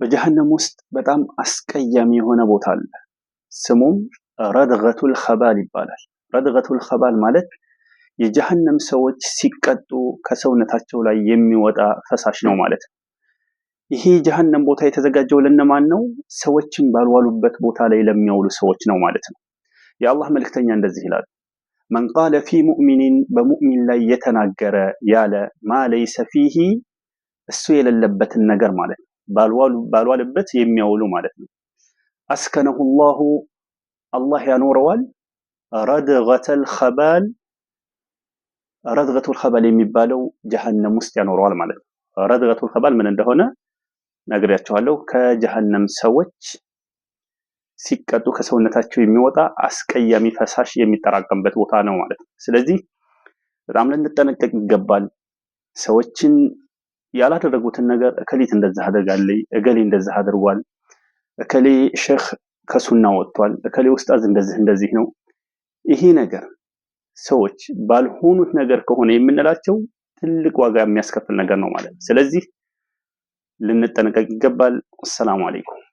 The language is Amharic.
በጀሃነም ውስጥ በጣም አስቀያሚ የሆነ ቦታ አለ። ስሙም ረድገቱል ኸባል ይባላል። ረድገቱል ኸባል ማለት የጀሃነም ሰዎች ሲቀጡ ከሰውነታቸው ላይ የሚወጣ ፈሳሽ ነው ማለት ነው። ይሄ የጀሃነም ቦታ የተዘጋጀው ለነማን ነው? ሰዎችን ባልዋሉበት ቦታ ላይ ለሚያውሉ ሰዎች ነው ማለት ነው። የአላህ መልእክተኛ እንደዚህ ይላል፣ መን ቃለ ፊ ሙእሚኒን በሙእሚን ላይ የተናገረ ያለ ማ ለይሰ ፊሂ እሱ የሌለበትን ነገር ማለት ነው ባልዋልበት የሚያውሉ ማለት ነው። አስከነሁ ላሁ አላህ ያኖረዋል። ረድገተል ኸባል ረድገቱል ኸባል የሚባለው ጀሀነም ውስጥ ያኖረዋል ማለት ነው። ረድገቱል ኸባል ምን እንደሆነ ነግሬያቸዋለሁ። ከጀሀነም ሰዎች ሲቀጡ ከሰውነታቸው የሚወጣ አስቀያሚ ፈሳሽ የሚጠራቀምበት ቦታ ነው ማለት ነው። ስለዚህ በጣም ልንጠነቀቅ ይገባል። ሰዎችን ያላደረጉትን ነገር እከሊት እንደዛ አደርጋለይ፣ እገሌ እንደዛ አድርጓል፣ እከሌ ሼህ ከሱና ወጥቷል፣ እከሌ ውስጣዝ እንደዚህ እንደዚህ ነው። ይሄ ነገር ሰዎች ባልሆኑት ነገር ከሆነ የምንላቸው ትልቅ ዋጋ የሚያስከፍል ነገር ነው ማለት ነው። ስለዚህ ልንጠነቀቅ ይገባል። አሰላሙ አለይኩም